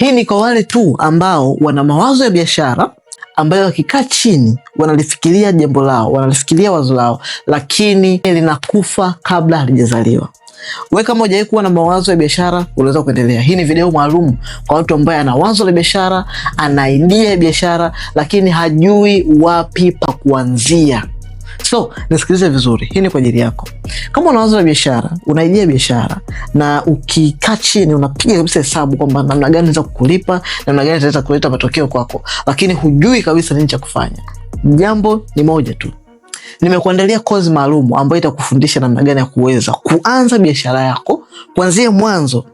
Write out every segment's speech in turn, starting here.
Hii ni kwa wale tu ambao wana mawazo ya biashara ambayo wakikaa chini wanalifikiria jambo lao, wanalifikiria wazo lao, lakini linakufa kabla halijazaliwa. we kama hujawahi kuwa na mawazo ya biashara, unaweza kuendelea. Hii ni video maalum kwa watu ambaye ana wazo la biashara, ana idea ya biashara, lakini hajui wapi pa kuanzia. So nisikilize vizuri, hii ni kwa ajili yako. Kama unawaza wazo biashara, unaijia biashara, na ukikaa chini unapiga kabisa hesabu kwamba namna gani naweza kukulipa, namna gani itaweza kuleta matokeo kwako, lakini hujui kabisa nini cha kufanya, jambo ni moja tu nimekuandalia kozi maalum ambayo itakufundisha namna gani ya kuweza kuanza biashara yako kuanzia mwanzo,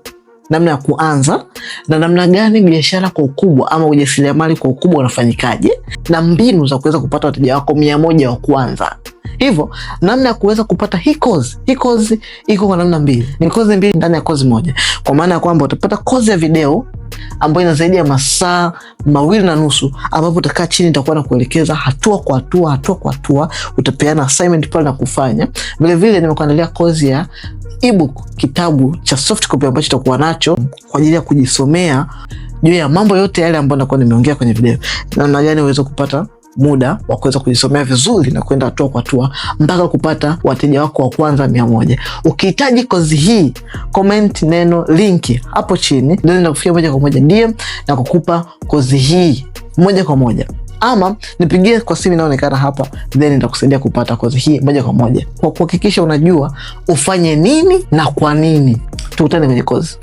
namna ya kuanza na namna gani biashara kwa ukubwa ama ujasiriamali kwa ukubwa unafanyikaje, na mbinu za kuweza kupata wateja wako mia moja wa kwanza. Hivyo namna ya kuweza kupata hii kozi, hii kozi iko kwa namna mbili, ni kozi mbili ndani ya kozi moja, kwa maana ya kwamba utapata kozi ya video ambayo ina zaidi ya masaa mawili na nusu ambapo utakaa chini, itakuwa na kuelekeza hatua kwa hatua, hatua kwa hatua, utapeana assignment pale na kufanya. Vilevile nimekuandalia kozi ya ebook kitabu cha soft copy ambacho itakuwa nacho kwa ajili ya kujisomea juu ya mambo yote yale ambayo nakuwa nimeongea kwenye video, namna gani uweze kupata muda wa kuweza kujisomea vizuri na kwenda hatua kwa hatua mpaka kupata wateja wako wa kwanza mia moja. Ukihitaji kozi hii, comment neno linki hapo chini, ndio nitakufikia moja kwa moja DM na kukupa kozi hii moja kwa moja ama nipigie kwa simu inaonekana hapa, then nitakusaidia kupata kozi hii moja kwa moja, kwa kuhakikisha unajua ufanye nini na kwa nini. Tukutane kwenye kozi.